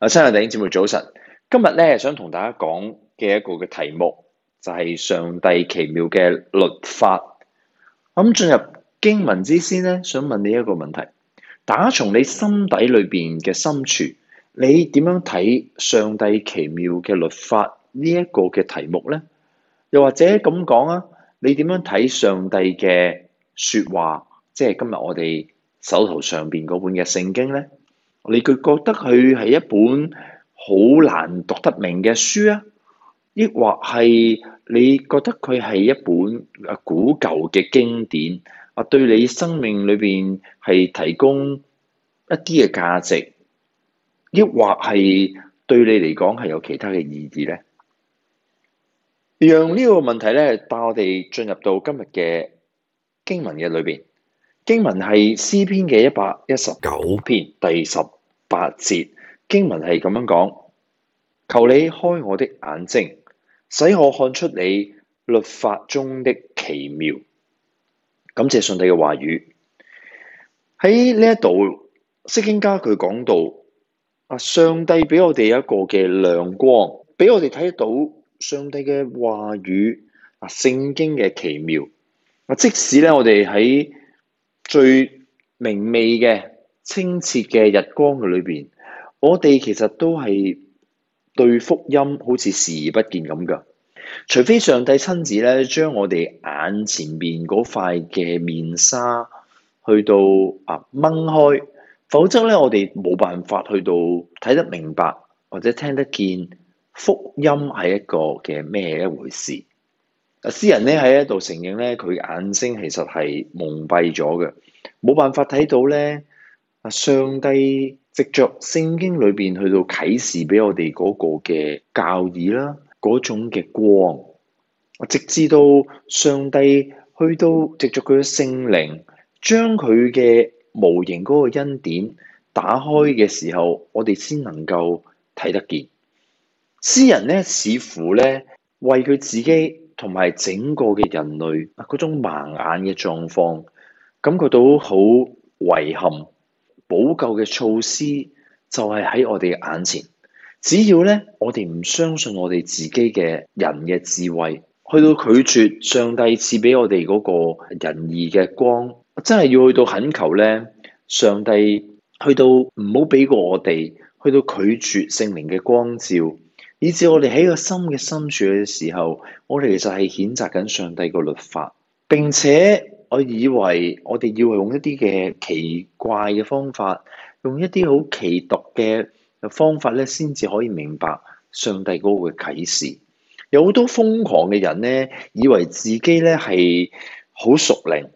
阿親愛的弟兄姊妹，早晨！今日咧想同大家講嘅一個嘅題目就係上帝奇妙嘅律法。咁進入經文之先咧，想問你一個問題：打從你心底裏邊嘅深處，你點樣睇上帝奇妙嘅律法呢一個嘅題目咧？又或者咁講啊，你點樣睇上帝嘅說話？即係今日我哋手頭上邊嗰本嘅聖經咧？你佢覺得佢係一本好難讀得明嘅書啊，抑或係你覺得佢係一本啊古舊嘅經典啊，對你生命裏邊係提供一啲嘅價值，抑或係對你嚟講係有其他嘅意義咧？讓呢個問題咧帶我哋進入到今日嘅經文嘅裏邊。經文係詩篇嘅一百一十九篇第十八節，經文係咁樣講：求你開我的眼睛，使我看出你律法中的奇妙。感謝上帝嘅話語喺呢一度，釋經家佢講到啊，上帝畀我哋一個嘅亮光，俾我哋睇到上帝嘅話語啊，聖經嘅奇妙啊，即使咧我哋喺。最明媚嘅、清澈嘅日光嘅裏邊，我哋其實都係對福音好似視而不見咁噶。除非上帝親自咧將我哋眼前面嗰塊嘅面紗去到啊掹開，否則咧我哋冇辦法去到睇得明白或者聽得見福音係一個嘅咩一回事。啊！詩人咧喺一度承認咧，佢眼睛其實係蒙蔽咗嘅，冇辦法睇到咧。啊！上帝藉着聖經裏邊去到啟示俾我哋嗰個嘅教義啦，嗰種嘅光，直至到上帝去到藉着佢嘅聖靈，將佢嘅無形嗰個恩典打開嘅時候，我哋先能夠睇得見。詩人咧似乎咧為佢自己，同埋整個嘅人類嗱，嗰種盲眼嘅狀況，感覺到好遺憾。補救嘅措施就係喺我哋眼前，只要咧我哋唔相信我哋自己嘅人嘅智慧，去到拒絕上帝賜俾我哋嗰個仁義嘅光，真係要去到懇求咧，上帝去到唔好俾過我哋，去到拒絕聖靈嘅光照。以至我哋喺個心嘅深處嘅時候，我哋其實係譴責緊上帝個律法，並且我以為我哋要係用一啲嘅奇怪嘅方法，用一啲好奇讀嘅方法咧，先至可以明白上帝嗰個啟示。有好多瘋狂嘅人咧，以為自己咧係好屬靈，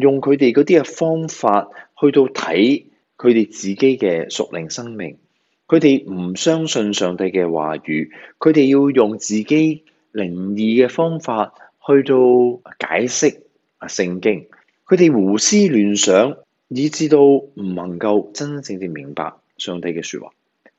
用佢哋嗰啲嘅方法去到睇佢哋自己嘅屬靈生命。佢哋唔相信上帝嘅話語，佢哋要用自己靈異嘅方法去到解釋啊聖經，佢哋胡思亂想，以致到唔能夠真正地明白上帝嘅說話。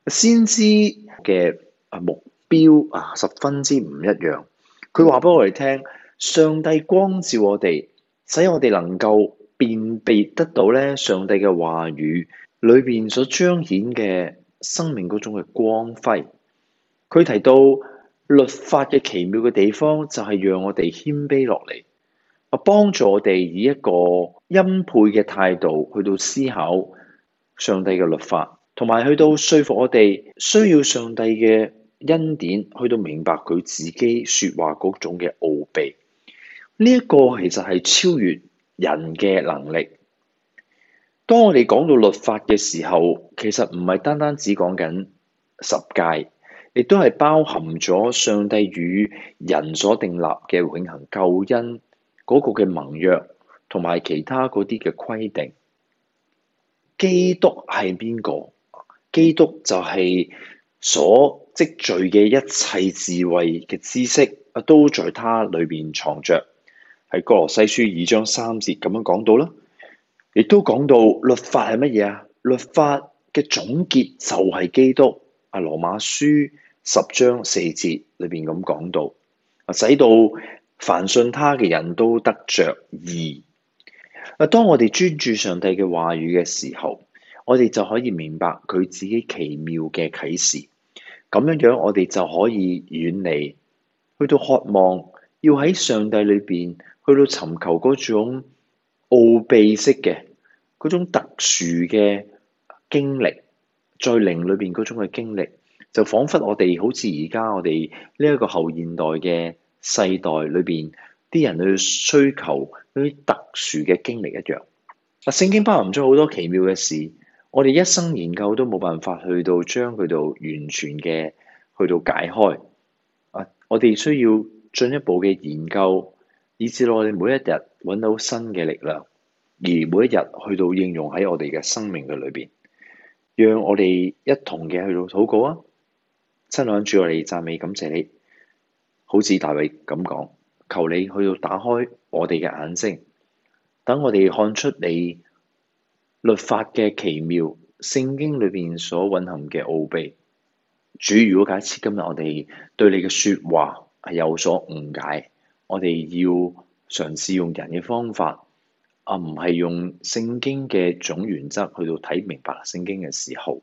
先知嘅啊目標啊十分之唔一樣。佢話俾我哋聽，上帝光照我哋，使我哋能夠辨別得到咧上帝嘅話語裏邊所彰顯嘅生命嗰種嘅光輝，佢提到律法嘅奇妙嘅地方，就係、是、讓我哋謙卑落嚟，啊幫助我哋以一個欽佩嘅態度去到思考上帝嘅律法，同埋去到說服我哋需要上帝嘅恩典，去到明白佢自己說話嗰種嘅奧秘。呢、這、一個其實係超越人嘅能力。當我哋講到律法嘅時候，其實唔係單單只講緊十誡，亦都係包含咗上帝與人所定立嘅永恆救恩嗰個嘅盟約，同埋其他嗰啲嘅規定。基督係邊個？基督就係所積聚嘅一切智慧嘅知識，啊，都在他裏面藏着。喺哥羅西書二章三節咁樣講到啦。亦都講到律法係乜嘢啊？律法嘅總結就係基督。啊，羅馬書十章四節裏邊咁講到，啊，使到凡信他嘅人都得着義。啊，當我哋專注上帝嘅話語嘅時候，我哋就可以明白佢自己奇妙嘅啟示。咁樣樣我哋就可以遠離，去到渴望要喺上帝裏邊去到尋求嗰種奧秘式嘅。嗰種特殊嘅經歷，在靈裏邊嗰種嘅經歷，就仿佛我哋好似而家我哋呢一個後現代嘅世代裏邊，啲人去需求嗰啲特殊嘅經歷一樣。嗱，聖經包含咗好多奇妙嘅事，我哋一生研究都冇辦法去到將佢到完全嘅去到解開。啊，我哋需要進一步嘅研究，以至我哋每一日揾到新嘅力量。而每一日去到應用喺我哋嘅生命嘅裏邊，讓我哋一同嘅去到禱告啊！親愛主，我哋讚美感謝你，好似大衛咁講，求你去到打開我哋嘅眼睛，等我哋看出你律法嘅奇妙，聖經裏邊所蘊含嘅奧秘。主，如果假設今日我哋對你嘅說話係有所誤解，我哋要嘗試用人嘅方法。啊，唔係用聖經嘅總原則去到睇明白聖經嘅時候，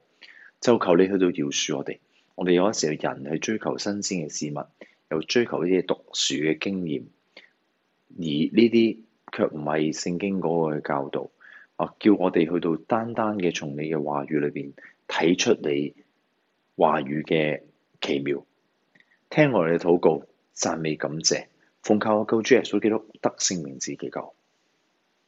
就求你去到饒恕我哋。我哋有時候有人去追求新鮮嘅事物，又追求呢啲特殊嘅經驗，而呢啲卻唔係聖經嗰個嘅教導。啊，叫我哋去到單單嘅從你嘅話語裏邊睇出你話語嘅奇妙。聽我哋嘅禱告，贊美感謝，奉靠我救主耶穌基督，得勝名字祈求。